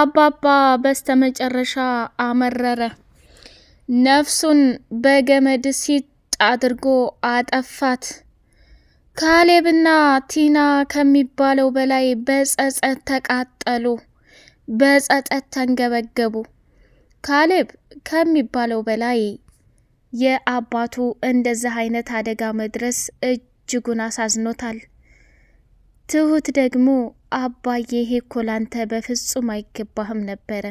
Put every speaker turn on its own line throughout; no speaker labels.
አባባ በስተመጨረሻ አመረረ። ነፍሱን በገመድ ሲጥ አድርጎ አጠፋት። ካሌብና ቲና ከሚባለው በላይ በጸጸት ተቃጠሉ፣ በጸጸት ተንገበገቡ። ካሌብ ከሚባለው በላይ የአባቱ እንደዚህ አይነት አደጋ መድረስ እጅጉን አሳዝኖታል። ትሁት ደግሞ አባዬ ይሄ እኮ ላንተ በፍጹም አይገባህም ነበረ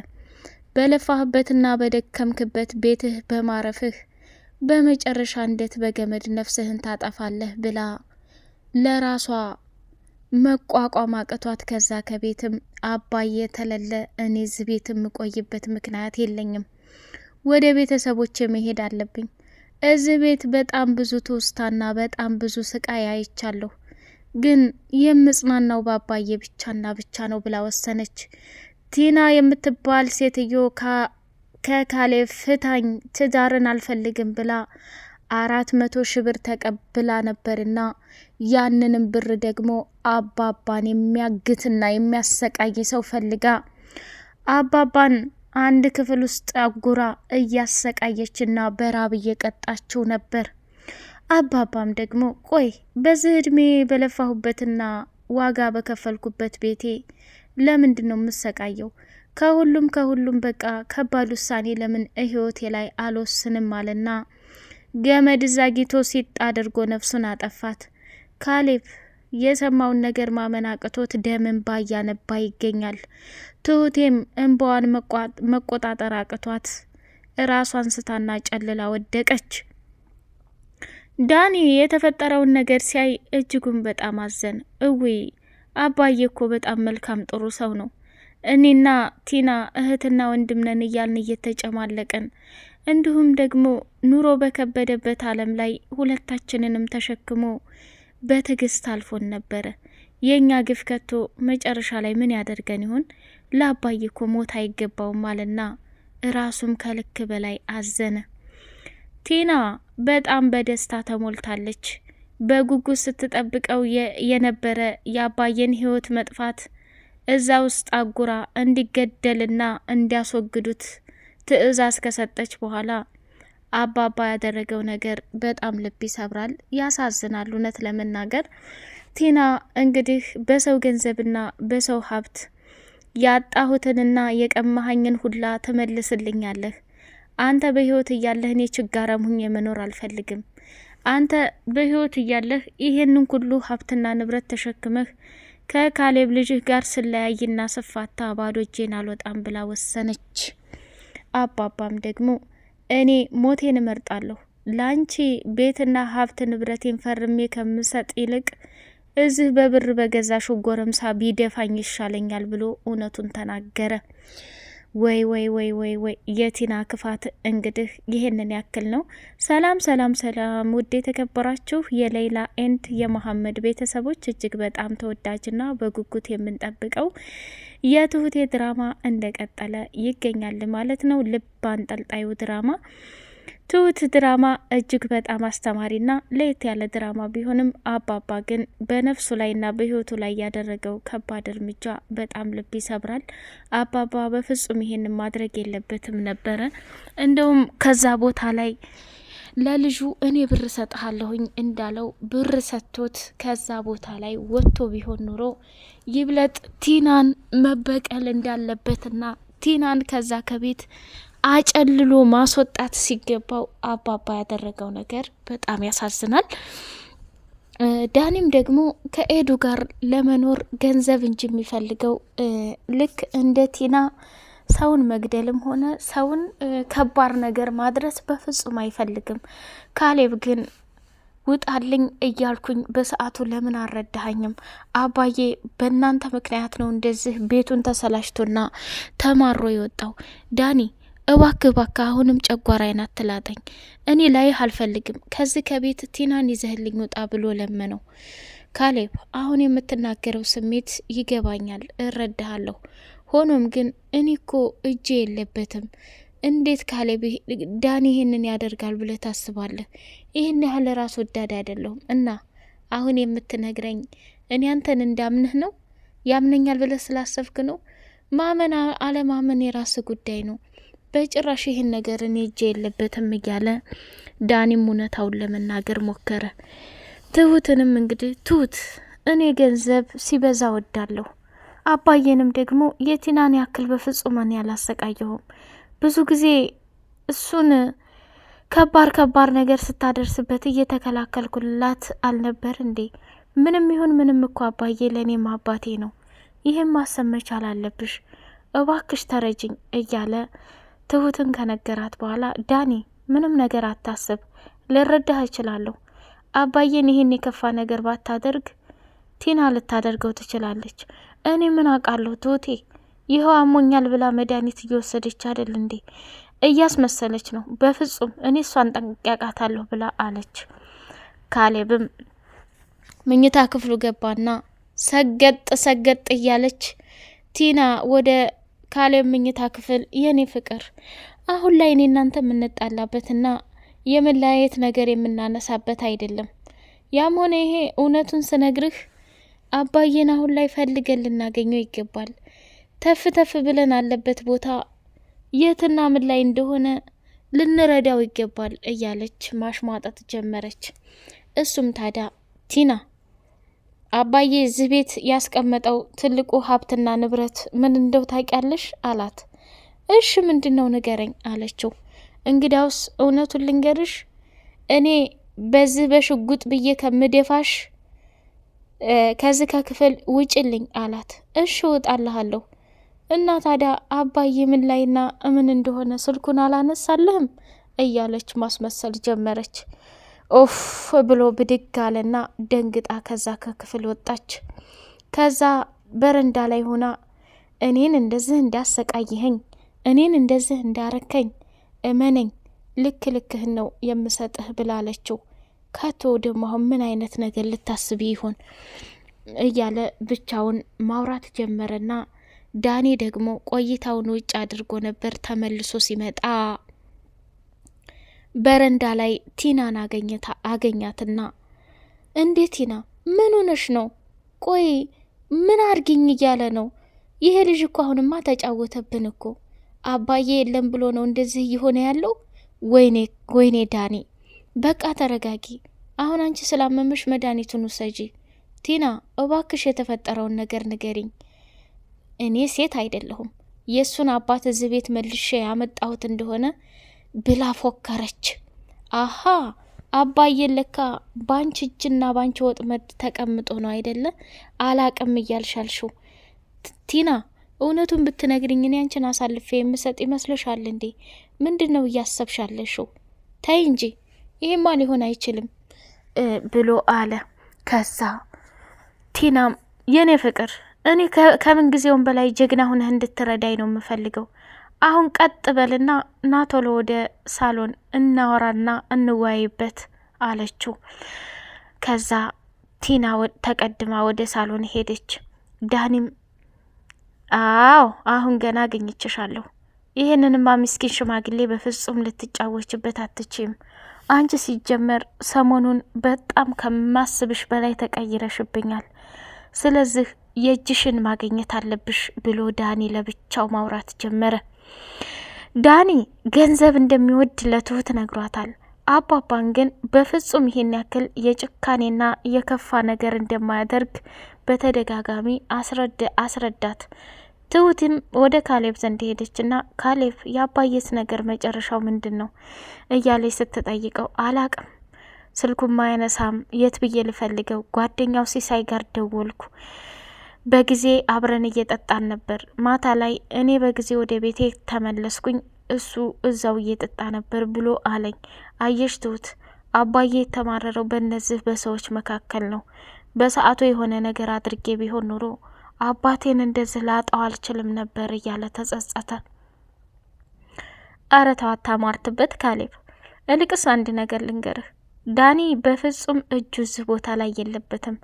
በለፋህበትና በደከምክበት ቤትህ በማረፍህ በመጨረሻ እንዴት በገመድ ነፍስህን ታጠፋለህ ብላ ለራሷ መቋቋም አቅቷት ከዛ ከቤትም አባዬ ተለለ እኔ ዝ ቤት የምቆይበት ምክንያት የለኝም፣ ወደ ቤተሰቦች መሄድ አለብኝ። እዚህ ቤት በጣም ብዙ ትውስታና በጣም ብዙ ስቃይ አይቻለሁ። ግን የምጽናናው ባባዬ ብቻና ብቻ ነው ብላ ወሰነች። ቲና የምትባል ሴትዮ ከካሌብ ፍታኝ፣ ትዳርን አልፈልግም ብላ አራት መቶ ሺህ ብር ተቀብላ ነበርና ያንንም ብር ደግሞ አባባን የሚያግትና የሚያሰቃይ ሰው ፈልጋ አባባን አንድ ክፍል ውስጥ አጉራ እያሰቃየችና በራብ እየቀጣችው ነበር። አባባም ደግሞ ቆይ በዚህ እድሜ በለፋሁበትና ዋጋ በከፈልኩበት ቤቴ ለምንድን ነው የምሰቃየው? ከሁሉም ከሁሉም በቃ ከባድ ውሳኔ ለምን ህይወቴ ላይ አልወስንም? አለና ገመድ ዛጊቶ ሲጥ አድርጎ ነፍሱን አጠፋት። ካሌብ የሰማውን ነገር ማመን አቅቶት ደም እንባ እያነባ ይገኛል። ትሁቴም እንባዋን መቆጣጠር አቅቷት ራሷን ስታና ጨልላ ወደቀች። ዳኒ የተፈጠረውን ነገር ሲያይ እጅጉን በጣም አዘን። እውይ አባዬ እኮ በጣም መልካም ጥሩ ሰው ነው። እኔና ቲና እህትና ወንድም ነን እያልን እየተጨማለቅን እንዲሁም ደግሞ ኑሮ በከበደበት ዓለም ላይ ሁለታችንንም ተሸክሞ በትዕግስት አልፎን ነበረ። የእኛ ግፍ ከቶ መጨረሻ ላይ ምን ያደርገን ይሆን? ለአባዬ እኮ ሞት አይገባውም አለና ራሱም ከልክ በላይ አዘነ። ቲና በጣም በደስታ ተሞልታለች። በጉጉት ስትጠብቀው የነበረ የአባየን ህይወት መጥፋት እዛ ውስጥ አጉራ እንዲገደልና እንዲያስወግዱት ትዕዛዝ ከሰጠች በኋላ አባባ ያደረገው ነገር በጣም ልብ ይሰብራል፣ ያሳዝናል። እውነት ለመናገር ቲና እንግዲህ በሰው ገንዘብና በሰው ሀብት ያጣሁትንና የቀማሀኝን ሁላ ትመልስልኛለህ አንተ በህይወት እያለህ እኔ ችጋራም ሁኜ መኖር አልፈልግም። አንተ በህይወት እያለህ ይሄንን ሁሉ ሀብትና ንብረት ተሸክመህ ከካሌብ ልጅህ ጋር ስለያይና ስፋታ ባዶ እጄን አልወጣም ብላ ወሰነች። አባባም ደግሞ እኔ ሞቴን እመርጣለሁ ለአንቺ ቤትና ሀብት ንብረቴን ፈርሜ ከምሰጥ ይልቅ እዚህ በብር በገዛሽው ጎረምሳ ቢደፋኝ ይሻለኛል ብሎ እውነቱን ተናገረ። ወይ ወይ ወይ ወይ ወይ የቲና ክፋት እንግዲህ ይህንን ያክል ነው። ሰላም ሰላም ሰላም! ውድ የተከበራችሁ የሌይላ ኤንድ የመሐመድ ቤተሰቦች እጅግ በጣም ተወዳጅና በጉጉት የምንጠብቀው የትሁቴ ድራማ እንደቀጠለ ይገኛል ማለት ነው። ልብ አንጠልጣዩ ድራማ ትሁት ድራማ እጅግ በጣም አስተማሪና ለየት ያለ ድራማ ቢሆንም አባባ ግን በነፍሱ ላይና በህይወቱ ላይ ያደረገው ከባድ እርምጃ በጣም ልብ ይሰብራል። አባባ በፍጹም ይሄን ማድረግ የለበትም ነበረ። እንደውም ከዛ ቦታ ላይ ለልጁ እኔ ብር ሰጥሃለሁኝ እንዳለው ብር ሰጥቶት ከዛ ቦታ ላይ ወጥቶ ቢሆን ኑሮ ይብለጥ ቲናን መበቀል እንዳለበትና ቲናን ከዛ ከቤት አጨልሎ ማስወጣት ሲገባው አባባ ያደረገው ነገር በጣም ያሳዝናል። ዳኒም ደግሞ ከኤዱ ጋር ለመኖር ገንዘብ እንጂ የሚፈልገው ልክ እንደ ቲና ሰውን መግደልም ሆነ ሰውን ከባድ ነገር ማድረስ በፍጹም አይፈልግም። ካሌብ ግን ውጣልኝ እያልኩኝ በሰዓቱ ለምን አልረዳኸኝም? አባዬ በእናንተ ምክንያት ነው እንደዚህ ቤቱን ተሰላሽቶና ተማሮ የወጣው ዳኒ እባክህ እባክህ አሁንም ጨጓራዬን አትላጠኝ፣ እኔ ላይህ አልፈልግም፣ ከዚህ ከቤት ቲናን ይዘህልኝ ውጣ ብሎ ለመነው። ካሌብ አሁን የምትናገረው ስሜት ይገባኛል፣ እረዳሃለሁ። ሆኖም ግን እኔ እኮ እጄ የለበትም። እንዴት ካሌብ ዳን ይህንን ያደርጋል ብለህ ታስባለህ? ይህን ያህል ራስ ወዳድ አይደለሁም እና አሁን የምትነግረኝ እኔ አንተን እንዳምንህ ነው? ያምነኛል ብለህ ስላሰብክ ነው? ማመን አለማመን የራስ ጉዳይ ነው። በጭራሽ ይህን ነገር እኔ እጄ የለበትም እያለ ዳኒም እውነታውን ለመናገር ሞከረ። ትሁትንም እንግዲህ ትሁት እኔ ገንዘብ ሲበዛ ወዳለሁ፣ አባዬንም ደግሞ የቲናን ያክል በፍጹም እኔ አላሰቃየሁም። ብዙ ጊዜ እሱን ከባድ ከባድ ነገር ስታደርስበት እየተከላከልኩላት አልነበር እንዴ? ምንም ይሁን ምንም እኮ አባዬ ለእኔም አባቴ ነው። ይህም ማሰብ መቻል አለብሽ። እባክሽ ተረጅኝ እያለ ትሁትን ከነገራት በኋላ ዳኒ ምንም ነገር አታስብ፣ ልረዳህ እችላለሁ። አባዬን ይህን የከፋ ነገር ባታደርግ ቲና ልታደርገው ትችላለች። እኔ ምን አውቃለሁ ትሁቴ፣ ይኸው አሞኛል ብላ መድኃኒት እየወሰደች አይደል እንዴ? እያስመሰለች ነው። በፍጹም እኔ እሷን ጠንቅቄ አውቃታለሁ ብላ አለች። ካሌብም መኝታ ክፍሉ ገባና ሰገጥ ሰገጥ እያለች ቲና ወደ ካሌብ ምኝታ ክፍል የኔ ፍቅር አሁን ላይ እኔ እናንተ የምንጣላበትና የመለያየት ነገር የምናነሳበት አይደለም። ያም ሆነ ይሄ እውነቱን ስነግርህ አባዬን አሁን ላይ ፈልገን ልናገኘው ይገባል። ተፍ ተፍ ብለን አለበት ቦታ የትና ምን ላይ እንደሆነ ልንረዳው ይገባል እያለች ማሽሟጣት ጀመረች። እሱም ታዲያ ቲና አባዬ እዚህ ቤት ያስቀመጠው ትልቁ ሀብትና ንብረት ምን እንደው ታውቂያለሽ? አላት። እሺ ምንድን ነው ንገረኝ አለችው። እንግዳውስ እውነቱን ልንገርሽ፣ እኔ በዚህ በሽጉጥ ብዬ ከምደፋሽ ከዚህ ከክፍል ውጭልኝ አላት። እሺ እወጣልሃለሁ። እና ታዲያ አባዬ ምን ላይና ምን እንደሆነ ስልኩን አላነሳልህም? እያለች ማስመሰል ጀመረች። ኦፍ ብሎ ብድግ አለና ደንግጣ ከዛ ከክፍል ወጣች። ከዛ በረንዳ ላይ ሆና እኔን እንደዚህ እንዳሰቃይኸኝ፣ እኔን እንደዚህ እንዳረከኝ እመነኝ፣ ልክ ልክህን ነው የምሰጥህ ብላለችው። ከቶ ደግሞ አሁን ምን አይነት ነገር ልታስቢ ይሆን እያለ ብቻውን ማውራት ጀመረና ዳኔ ደግሞ ቆይታውን ውጭ አድርጎ ነበር። ተመልሶ ሲመጣ በረንዳ ላይ ቲናን አገኘታ አገኛትና እንዴ ቲና ምን ሆነሽ ነው? ቆይ ምን አርግኝ እያለ ነው ይሄ ልጅ እኮ አሁንማ ተጫወተብን እኮ አባዬ የለም ብሎ ነው እንደዚህ እየሆነ ያለው። ወይኔ ወይኔ ዳኒ በቃ ተረጋጊ። አሁን አንቺ ስላመመሽ መድኃኒቱን ውሰጂ። ቲና እባክሽ የተፈጠረውን ነገር ንገሪኝ። እኔ ሴት አይደለሁም የእሱን አባት እዚህ ቤት መልሼ ያመጣሁት እንደሆነ ብላ ፎከረች። አሃ አባዬ ለካ ባንቺ እጅና ባንቺ ወጥመድ ተቀምጦ ነው አይደለ? አላቅም እያልሻልሽው ቲና፣ እውነቱን ብትነግርኝ እኔ አንቺን አሳልፌ የምሰጥ ይመስለሻል እንዴ? ምንድን ነው እያሰብሻለሽው? ተይ እንጂ ይሄማ ሊሆን አይችልም ብሎ አለ። ከዛ ቲናም የኔ ፍቅር፣ እኔ ከምን ጊዜውም በላይ ጀግና ሁነህ እንድትረዳኝ ነው የምፈልገው አሁን ቀጥ በልና ና ቶሎ ወደ ሳሎን እናወራና እንወያይበት አለችው። ከዛ ቲና ተቀድማ ወደ ሳሎን ሄደች። ዳኒም አዎ አሁን ገና አገኘችሻለሁ። ይህንንማ ምስኪን ሽማግሌ በፍጹም ልትጫወችበት አትችም። አንቺ ሲጀመር ሰሞኑን በጣም ከማስብሽ በላይ ተቀይረሽብኛል። ስለዚህ የእጅሽን ማግኘት አለብሽ ብሎ ዳኒ ለብቻው ማውራት ጀመረ። ዳኒ ገንዘብ እንደሚወድ ለትሁት ነግሯታል። አባባን ግን በፍጹም ይሄን ያክል የጭካኔና የከፋ ነገር እንደማያደርግ በተደጋጋሚ አስረዳት። ትሁትም ወደ ካሌብ ዘንድ ሄደችና ካሌብ የአባየት ነገር መጨረሻው ምንድን ነው እያለች ስትጠይቀው አላቅም፣ ስልኩም ማያነሳም፣ የት ብዬ ልፈልገው፣ ጓደኛው ሲሳይ ጋር ደወልኩ በጊዜ አብረን እየጠጣን ነበር። ማታ ላይ እኔ በጊዜ ወደ ቤቴ ተመለስኩኝ፣ እሱ እዛው እየጠጣ ነበር ብሎ አለኝ። አየሽ ትሁት፣ አባዬ የተማረረው በእነዚህ በሰዎች መካከል ነው። በሰዓቱ የሆነ ነገር አድርጌ ቢሆን ኑሮ አባቴን እንደዚህ ላጣው አልችልም ነበር እያለ ተጸጸተ። አረ ተው አታሟርትበት ካሌብ። እልቅስ አንድ ነገር ልንገርህ ዳኒ በፍጹም እጁ እዚህ ቦታ ላይ የለበትም።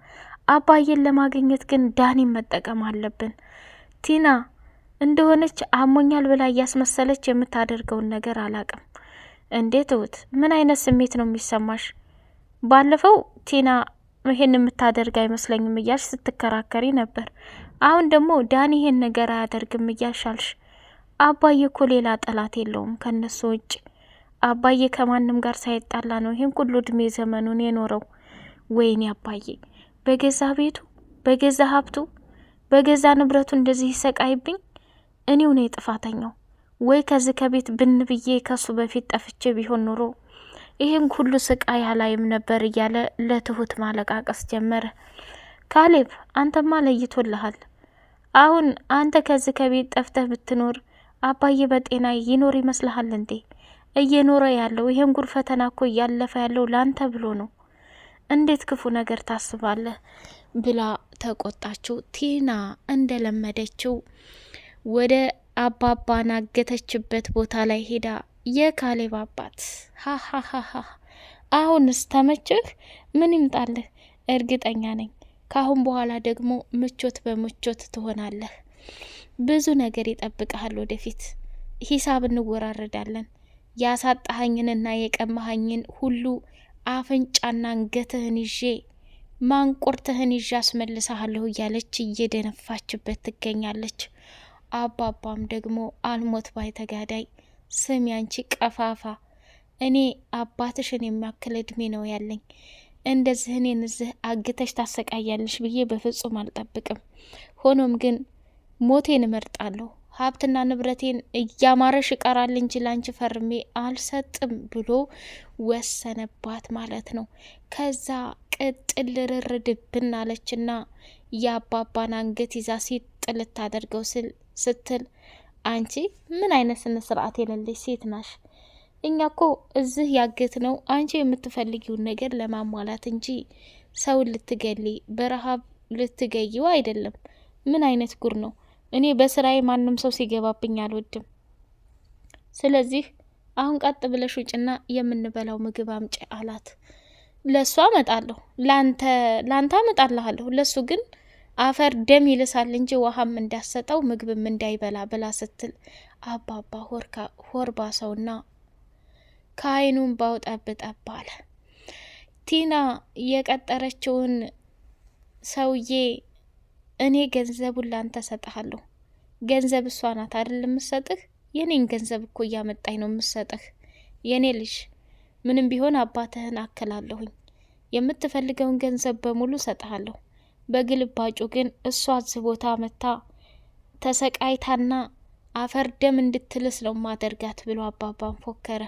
አባዬን ለማግኘት ግን ዳኒን መጠቀም አለብን። ቲና እንደሆነች አሞኛል ብላ እያስመሰለች የምታደርገውን ነገር አላቅም። እንዴት እውት ምን አይነት ስሜት ነው የሚሰማሽ? ባለፈው ቲና ይሄን የምታደርግ አይመስለኝም እያልሽ ስትከራከሪ ነበር። አሁን ደግሞ ዳኒ ይሄን ነገር አያደርግም አልሽ። አባዬ እኮ ሌላ ጠላት የለውም ከነሱ ውጭ። አባዬ ከማንም ጋር ሳይጣላ ነው ይህን ሁሉ እድሜ ዘመኑን የኖረው። ወይኔ አባዬ በገዛ ቤቱ፣ በገዛ ሀብቱ፣ በገዛ ንብረቱ እንደዚህ ይሰቃይብኝ፣ እኔው ነው ጥፋተኛው። ወይ ከዚህ ከቤት ብን ብዬ ከሱ በፊት ጠፍቼ ቢሆን ኑሮ ይህን ሁሉ ስቃይ አላይም ነበር እያለ ለትሁት ማለቃቀስ ጀመረ። ካሌብ አንተማ ለይቶልሃል። አሁን አንተ ከዚህ ከቤት ጠፍተህ ብትኖር አባዬ በጤና ይኖር ይመስልሃል እንዴ? እየኖረ ያለው ይህን ጉር ፈተና እኮ እያለፈ ያለው ላንተ ብሎ ነው። እንዴት ክፉ ነገር ታስባለህ? ብላ ተቆጣችው። ቲና እንደለመደችው ወደ አባባ ናገተችበት ቦታ ላይ ሄዳ የካሌብ አባት ሀሀሀሀ አሁንስ ተመችህ? ምን ይምጣልህ? እርግጠኛ ነኝ ካሁን በኋላ ደግሞ ምቾት በምቾት ትሆናለህ። ብዙ ነገር ይጠብቀሃል። ወደፊት ሂሳብ እንወራረዳለን። ያሳጣኸኝንና የቀማሃኝን ሁሉ አፍንጫና አንገትህን ይዤ ማንቁርትህን ይዤ አስመልሰሃለሁ እያለች እየደነፋችበት ትገኛለች። አባባም ደግሞ አልሞት ባይ ተጋዳይ ስም ያንቺ ቀፋፋ፣ እኔ አባትሽን የሚያክል እድሜ ነው ያለኝ። እንደዚህ እኔን እዚህ አግተሽ ታሰቃያለሽ ብዬ በፍጹም አልጠብቅም። ሆኖም ግን ሞቴን እመርጣለሁ። ሀብትና ንብረቴን እያማረሽ ይቀራል እንጂ ላንቺ ፈርሜ አልሰጥም ብሎ ወሰነባት ማለት ነው። ከዛ ቅጥል ልርር ድብን አለችና የአባባን አንገት ይዛ ሲጥ ልታደርገው ስትል አንቺ ምን አይነት ስነ ስርዓት የሌለች ሴት ናሽ? እኛ ኮ እዚህ ያገት ነው አንቺ የምትፈልጊውን ነገር ለማሟላት እንጂ ሰውን ልትገሌ በረሃብ ልትገይው አይደለም። ምን አይነት ጉር ነው? እኔ በስራዬ ማንም ሰው ሲገባብኝ አልወድም። ስለዚህ አሁን ቀጥ ብለሽ ውጭና የምንበላው ምግብ አምጪ አላት። ለእሱ አመጣለሁ፣ ላንተ አመጣልሃለሁ፣ ለእሱ ግን አፈር ደም ይልሳል እንጂ ውሃም እንዳሰጠው ምግብም እንዳይበላ ብላ ስትል አባባ ሆርባ ሰውና ከአይኑም ባውጠብጠብ አለ። ቲና የቀጠረችውን ሰውዬ እኔ ገንዘቡን ላንተ ሰጠሃለሁ። ገንዘብ እሷ ናት አይደል የምሰጥህ? የኔን ገንዘብ እኮ እያመጣኝ ነው የምሰጥህ። የኔ ልጅ ምንም ቢሆን አባትህን አክላለሁኝ። የምትፈልገውን ገንዘብ በሙሉ ሰጠሃለሁ። በግልባጩ ግን እሷ እዚህ ቦታ መታ ተሰቃይታና አፈር ደም እንድትልስ ነው ማደርጋት ብሎ አባባን ፎከረ።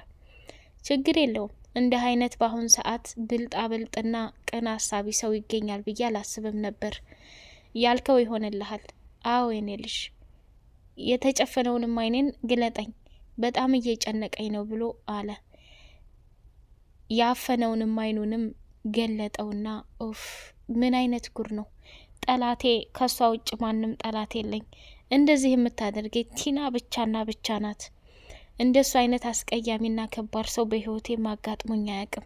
ችግር የለውም እንዲህ አይነት በአሁን ሰዓት ብልጣ ብልጥና ቅን አሳቢ ሰው ይገኛል ብዬ አላስብም ነበር። ያልከው ይሆንልሃል። አዎ የኔ ልጅ የተጨፈነውንም አይኔን ግለጠኝ፣ በጣም እየጨነቀኝ ነው ብሎ አለ። ያፈነውንም አይኑንም ገለጠውና ኡፍ፣ ምን አይነት ጉር ነው! ጠላቴ ከሷ ውጭ ማንም ጠላት የለኝ። እንደዚህ የምታደርገኝ ቲና ብቻና ብቻ ናት። እሱ አይነት አስቀያሚና ከባድ ሰው በህይወቴ ማጋጥሙኝ አያውቅም።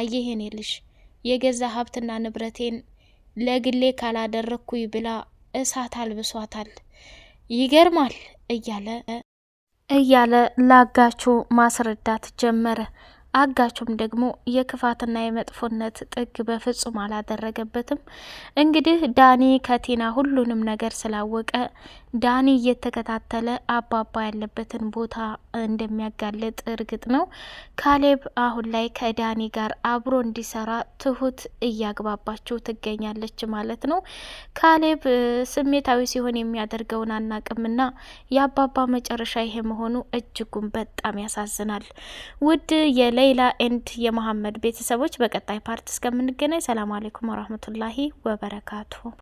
አየህ የኔ ልጅ የገዛ ሀብትና ንብረቴን ለግሌ ካላደረግኩኝ ብላ እሳት አልብሷታል። ይገርማል እያለ እያለ ለአጋቹ ማስረዳት ጀመረ። አጋቹም ደግሞ የክፋትና የመጥፎነት ጥግ በፍጹም አላደረገበትም። እንግዲህ ዳኒ ከቲና ሁሉንም ነገር ስላወቀ ዳኒ እየተከታተለ አባባ ያለበትን ቦታ እንደሚያጋልጥ እርግጥ ነው። ካሌብ አሁን ላይ ከዳኒ ጋር አብሮ እንዲሰራ ትሁት እያግባባችው ትገኛለች ማለት ነው። ካሌብ ስሜታዊ ሲሆን የሚያደርገውን አናቅምና የአባባ መጨረሻ ይሄ መሆኑ እጅጉን በጣም ያሳዝናል። ውድ የሌይላ ኤንድ የመሀመድ ቤተሰቦች በቀጣይ ፓርት እስከምንገናኝ ሰላም አሌይኩም ወረህመቱላሂ ወበረካቱ።